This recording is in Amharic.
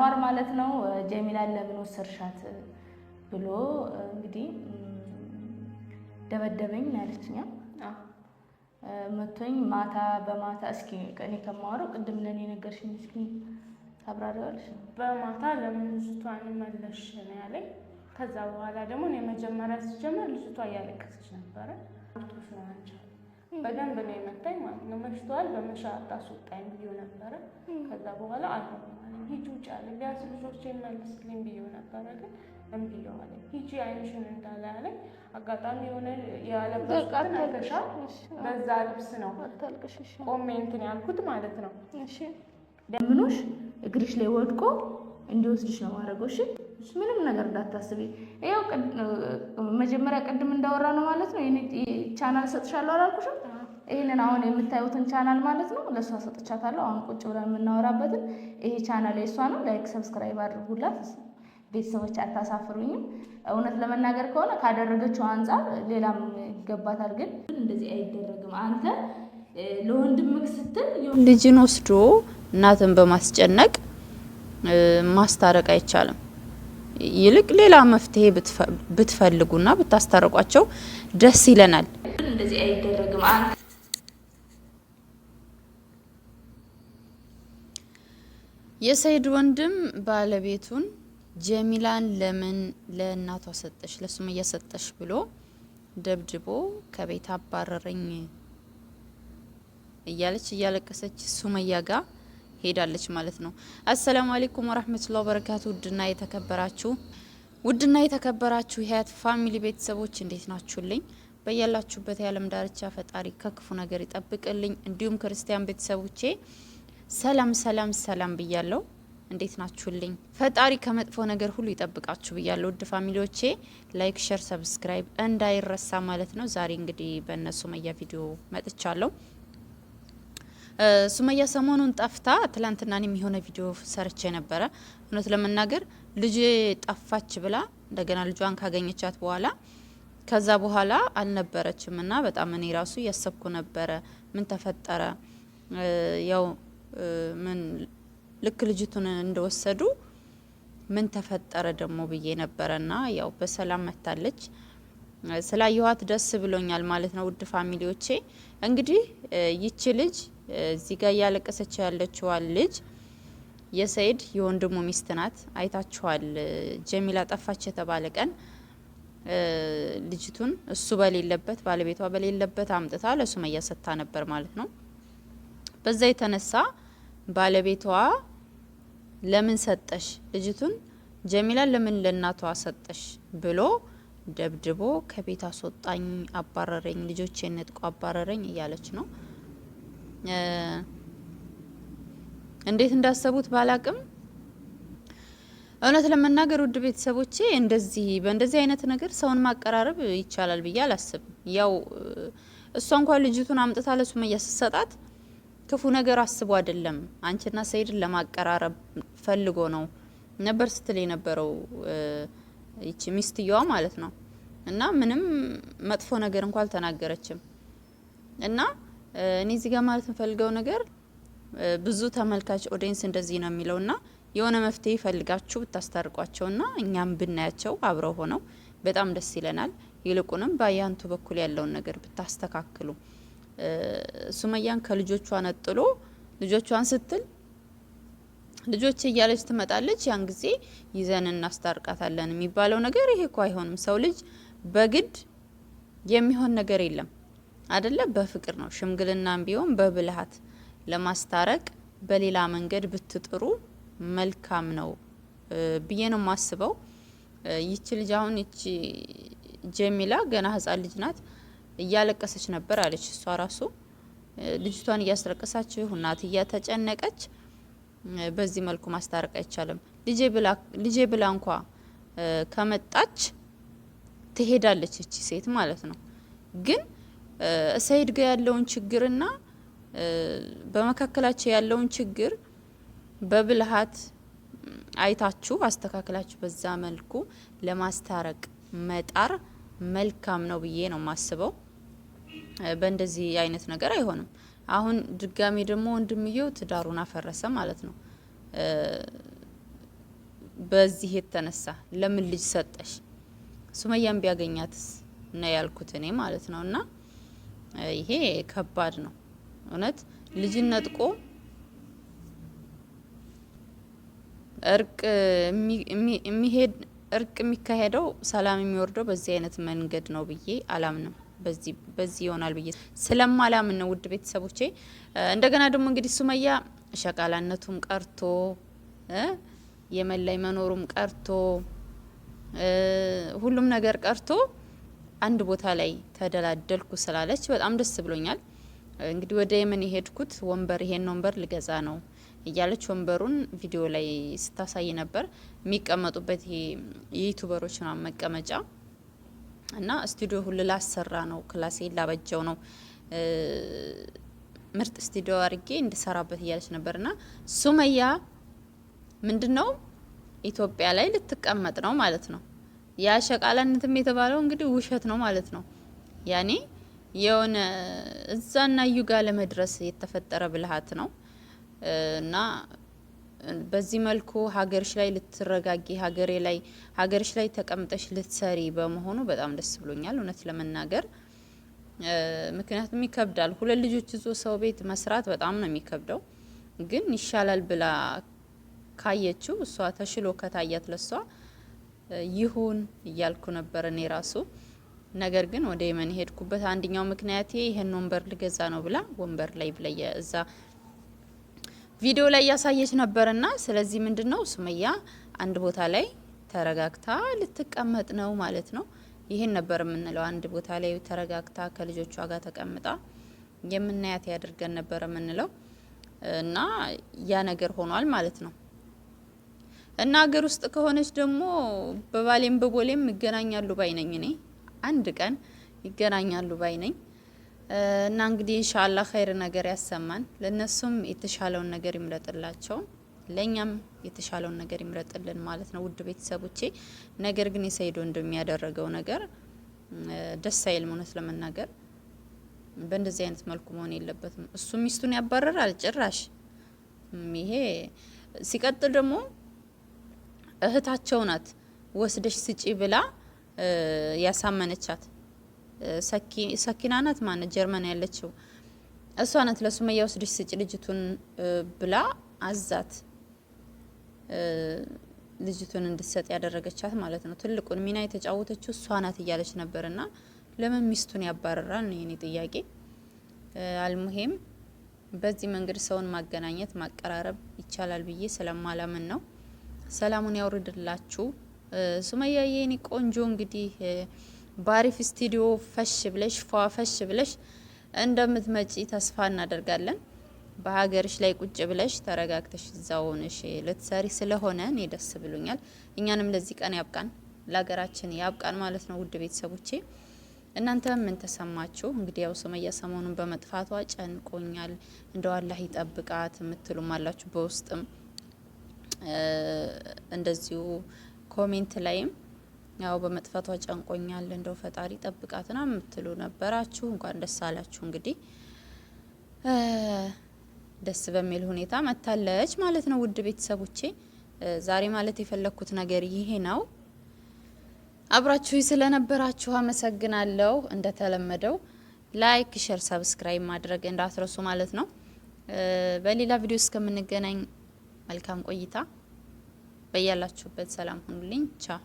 አኗር ማለት ነው ጀሚላን ለምን ወሰድሻት ብሎ እንግዲህ ደበደበኝ ያለችኛ መቶኝ ማታ በማታ እስኪ እኔ ከማወራው ቅድም ለኔ የነገርሽኝ እስኪ ታብራሪዋለሽ። በማታ ለምን ልጅቷን መለሽ ነው ያለኝ። ከዛ በኋላ ደግሞ እኔ መጀመሪያ ስጀምር ልጅቷ እያለቀሰች ነበረ። በደንብ ነው የመታኝ ማለት ነው። መሽቷል በመሻ አታስወጣኝ ብዬው ነበረ። ከዛ በኋላ አልሆነ ሂጂ ውጭ አለ። ቢያንስ ልጆች መልስልኝ ብዬው ነበረ፣ ግን እምቢ አለ። ሂጂ አይንሽን እንዳለ ያለኝ አጋጣሚ የሆነ ያለበስቃን አገሻ በዛ ልብስ ነው ቆሜ እንትን ያልኩት ማለት ነው። ደምኖሽ እግርሽ ላይ ወድቆ እንዲወስድሽ ነው ማድረጎሽ ምንም ነገር እንዳታስቢ። ይኸው መጀመሪያ ቅድም እንዳወራ ነው ማለት ነው። ቻናል ሰጥሻለሁ አላልኩሽም? ይህንን አሁን የምታዩትን ቻናል ማለት ነው ለእሷ ሰጥቻታለሁ። አሁን ቁጭ ብለን የምናወራበትን ይሄ ቻናል የእሷ ነው። ላይክ ሰብስክራይብ አድርጉላት ቤተሰቦች፣ አታሳፍሩኝም። እውነት ለመናገር ከሆነ ካደረገችው አንጻር ሌላም ይገባታል፣ ግን እንደዚህ አይደረግም። አንተ ለወንድምህ ስትል ልጅን ወስዶ እናትን በማስጨነቅ ማስታረቅ አይቻልም። ይልቅ ሌላ መፍትሄ ብትፈልጉና ብታስታርቋቸው ደስ ይለናል። የሰይድ ወንድም ባለቤቱን ጀሚላን ለምን ለእናቷ ሰጠሽ፣ ለሱመያ ሰጠሽ ብሎ ደብድቦ ከቤት አባረረኝ እያለች እያለቀሰች ሱመያ ጋር ሄዳለች ማለት ነው። አሰላሙ አሌይኩም ወራህመቱላሂ ወበረካቱ። ውድና የተከበራችሁ ውድና የተከበራችሁ የሀያት ፋሚሊ ቤተሰቦች እንዴት ናችሁልኝ? በያላችሁበት የዓለም ዳርቻ ፈጣሪ ከክፉ ነገር ይጠብቅልኝ። እንዲሁም ክርስቲያን ቤተሰቦቼ ሰላም ሰላም ሰላም ብያለው። እንዴት ናችሁልኝ? ፈጣሪ ከመጥፎ ነገር ሁሉ ይጠብቃችሁ ብያለሁ። ውድ ፋሚሊዎቼ ላይክ፣ ሸር፣ ሰብስክራይብ እንዳይረሳ ማለት ነው። ዛሬ እንግዲህ በእነሱ መያ ቪዲዮ መጥቻለሁ። ሱመያ ሰሞኑን ጠፍታ ትላንትናኔም የሆነ ቪዲዮ ሰርቼ ነበረ። እውነት ለመናገር ልጅ ጠፋች ብላ እንደገና ልጇን ካገኘቻት በኋላ ከዛ በኋላ አልነበረችም እና በጣም እኔ ራሱ እያሰብኩ ነበረ ምን ተፈጠረ ያው ምን ልክ ልጅቱን እንደወሰዱ ምን ተፈጠረ ደግሞ ብዬ ነበረና ያው በሰላም መታለች። ስላየኋት ደስ ብሎኛል ማለት ነው። ውድ ፋሚሊዎቼ እንግዲህ ይቺ ልጅ እዚህ ጋር እያለቀሰች ያለችዋል ልጅ የሰይድ የወንድሙ ሚስት ናት። አይታችኋል። ጀሚላ ጠፋች የተባለ ቀን ልጅቱን እሱ በሌለበት ባለቤቷ በሌለበት አምጥታ ለሱመያ ሰጥታ ነበር ማለት ነው። በዛ የተነሳ ባለቤቷ ለምን ሰጠሽ ልጅቱን ጀሚላ ለምን ለእናቷ ሰጠሽ ብሎ ደብድቦ ከቤት አስወጣኝ፣ አባረረኝ፣ ልጆቼን ነጥቆ አባረረኝ እያለች ነው። እንዴት እንዳሰቡት ባላቅም እውነት ለመናገር ውድ ቤተሰቦቼ እንደዚህ በእንደዚህ አይነት ነገር ሰውን ማቀራረብ ይቻላል ብዬ አላስብም። ያው እሷ እንኳን ልጅቱን አምጥታ ለሱመያ ስትሰጣት ክፉ ነገር አስቦ አይደለም፣ አንቺና ሰይድን ለማቀራረብ ፈልጎ ነው ነበር ስትል የነበረው ይቺ ሚስትየዋ ማለት ነው። እና ምንም መጥፎ ነገር እንኳ አልተናገረችም እና እኔ እዚህ ጋር ማለት የምፈልገው ነገር ብዙ ተመልካች ኦዲየንስ እንደዚህ ነው የሚለውና የሆነ መፍትሄ ፈልጋችሁ ና እኛም ብናያቸው አብረው ሆነው በጣም ደስ ይለናል። ይልቁንም በአያንቱ በኩል ያለውን ነገር ብታስተካክሉ ሱመያን ከልጆቿ ነጥሎ ልጆቿን ስትል ልጆች እያለች ትመጣለች። ያን ጊዜ ይዘን እናስታርቃታለን የሚባለው ነገር ይሄ እኮ አይሆንም። ሰው ልጅ በግድ የሚሆን ነገር የለም። አደለ? በፍቅር ነው። ሽምግልናም ቢሆን በብልሃት ለማስታረቅ በሌላ መንገድ ብትጥሩ መልካም ነው ብዬ ነው ማስበው። ይቺ ልጅ አሁን ይቺ ጀሚላ ገና ህጻን ልጅ ናት። እያለቀሰች ነበር አለች። እሷ ራሱ ልጅቷን እያስለቀሳችሁ እናት እያተጨነቀች፣ በዚህ መልኩ ማስታረቅ አይቻልም። ልጄ ብላ እንኳ ከመጣች ትሄዳለች፣ እቺ ሴት ማለት ነው ግን ሰይድ ጋር ያለውን ችግርና በመካከላቸው ያለውን ችግር በብልሃት አይታችሁ አስተካክላችሁ በዛ መልኩ ለማስታረቅ መጣር መልካም ነው ብዬ ነው የማስበው። በእንደዚህ አይነት ነገር አይሆንም። አሁን ድጋሚ ደግሞ ወንድምየው ትዳሩን አፈረሰ ማለት ነው። በዚህ የተነሳ ለምን ልጅ ሰጠሽ ሱመያም ቢያገኛትስ ነው ያልኩት እኔ ማለት ነው እና ይሄ ከባድ ነው እውነት ልጅን ነጥቆ እርቅ የሚሄድ እርቅ የሚካሄደው ሰላም የሚወርደው በዚህ አይነት መንገድ ነው ብዬ አላምንም። በዚህ በዚህ ይሆናል ብዬ ስለማላምን ነው። ውድ ቤተሰቦቼ እንደገና ደግሞ እንግዲህ ሱመያ ሸቃላነቱም ቀርቶ የመላይ መኖሩም ቀርቶ ሁሉም ነገር ቀርቶ አንድ ቦታ ላይ ተደላደልኩ ስላለች በጣም ደስ ብሎኛል። እንግዲህ ወደ የመን የሄድኩት ወንበር ይሄን ወንበር ልገዛ ነው እያለች ወንበሩን ቪዲዮ ላይ ስታሳይ ነበር። የሚቀመጡበት የዩቱበሮች ምናምን መቀመጫ እና ስቱዲዮ ሁሉ ላሰራ ነው፣ ክላሴ ላበጀው ነው፣ ምርጥ ስቱዲዮ አድርጌ እንድሰራበት እያለች ነበር። ና ሱመያ ምንድን ነው ኢትዮጵያ ላይ ልትቀመጥ ነው ማለት ነው። የአሸቃላነትም የተባለው እንግዲህ ውሸት ነው ማለት ነው። ያኔ የሆነ እዛና እዩ ጋር ለመድረስ የተፈጠረ ብልሃት ነው እና በዚህ መልኩ ሀገርሽ ላይ ልትረጋጊ ሀገሬ ላይ ሀገርሽ ላይ ተቀምጠሽ ልትሰሪ በመሆኑ በጣም ደስ ብሎኛል እውነት ለመናገር ምክንያቱም ይከብዳል። ሁለት ልጆች ይዞ ሰው ቤት መስራት በጣም ነው የሚከብደው። ግን ይሻላል ብላ ካየችው እሷ ተሽሎ ከታያት ለሷ ይሁን እያልኩ ነበር እኔ ራሱ። ነገር ግን ወደ የመን ሄድኩበት አንደኛው ምክንያት ይሄን ወንበር ልገዛ ነው ብላ ወንበር ላይ ብለየ እዛ ቪዲዮ ላይ እያሳየች ነበርና፣ ስለዚህ ምንድነው ሱመያ አንድ ቦታ ላይ ተረጋግታ ልትቀመጥ ነው ማለት ነው። ይሄን ነበር የምንለው። አንድ ቦታ ላይ ተረጋግታ ከልጆቿ ጋር ተቀምጣ የምናያት ያድርገን ነበር የምንለው እና ያ ነገር ሆኗል ማለት ነው። እና ሀገር ውስጥ ከሆነች ደግሞ በባሌም በቦሌም ይገናኛሉ ባይ ነኝ እኔ አንድ ቀን ይገናኛሉ ባይ ነኝ። እና እንግዲህ ኢንሻአላህ ኸይር ነገር ያሰማን። ለነሱም የተሻለውን ነገር ይምረጥላቸው፣ ለኛም የተሻለውን ነገር ይምረጥልን ማለት ነው ውድ ቤተሰቦቼ። ነገር ግን የሰይዶ እንደሚያደረገው ነገር ደስ አይል መሆነት ለመናገር በእንደዚህ አይነት መልኩ መሆን የለበትም። እሱ ሚስቱን ያባረራል ጭራሽ። ይሄ ሲቀጥል ደግሞ እህታቸው ናት ወስደሽ ስጪ ብላ ያሳመነቻት ሰኪና ናት። ማነ ጀርመን ያለችው እሷ ናት። ለሱመያ ወስደሽ ስጪ ልጅቱን ብላ አዛት ልጅቱን እንድትሰጥ ያደረገቻት ማለት ነው። ትልቁን ሚና የተጫወተችው እሷ ናት እያለች ነበርና ለምን ሚስቱን ያባረራል ነው የኔ ጥያቄ። አልሙሄም በዚህ መንገድ ሰውን ማገናኘት ማቀራረብ ይቻላል ብዬ ስለማላምን ነው። ሰላሙን ያውርድላችሁ። ሱመያ የኔ ቆንጆ እንግዲህ ባሪፍ ስቱዲዮ ፈሽ ብለሽ ፏ ፈሽ ብለሽ እንደምትመጪ ተስፋ እናደርጋለን። በሀገርሽ ላይ ቁጭ ብለሽ ተረጋግተሽ እዛው ሆነሽ ልትሰሪ ስለሆነ እኔ ደስ ብሎኛል። እኛንም ለዚህ ቀን ያብቃን፣ ለሀገራችን ያብቃን ማለት ነው። ውድ ቤተሰቦቼ እናንተ ምን ተሰማችሁ? እንግዲህ ያው ሱመያ ሰሞኑን በመጥፋቷ ጨንቆኛል፣ እንደው አላህ ይጠብቃት የምትሉም አላችሁ በውስጥም እንደዚሁ ኮሜንት ላይም ያው በመጥፋቷ ጨንቆኛል፣ እንደው ፈጣሪ ጠብቃትና የምትሉ ነበራችሁ። እንኳን ደስ አላችሁ። እንግዲህ ደስ በሚል ሁኔታ መታለች ማለት ነው። ውድ ቤተሰቦቼ ዛሬ ማለት የፈለግኩት ነገር ይሄ ነው። አብራችሁ ስለነበራችሁ አመሰግናለሁ። እንደተለመደው ላይክ፣ ሸር፣ ሰብስክራይብ ማድረግ እንዳትረሱ ማለት ነው። በሌላ ቪዲዮ እስከምንገናኝ መልካም ቆይታ። በያላችሁበት ሰላም ሁኑልኝ። ቻው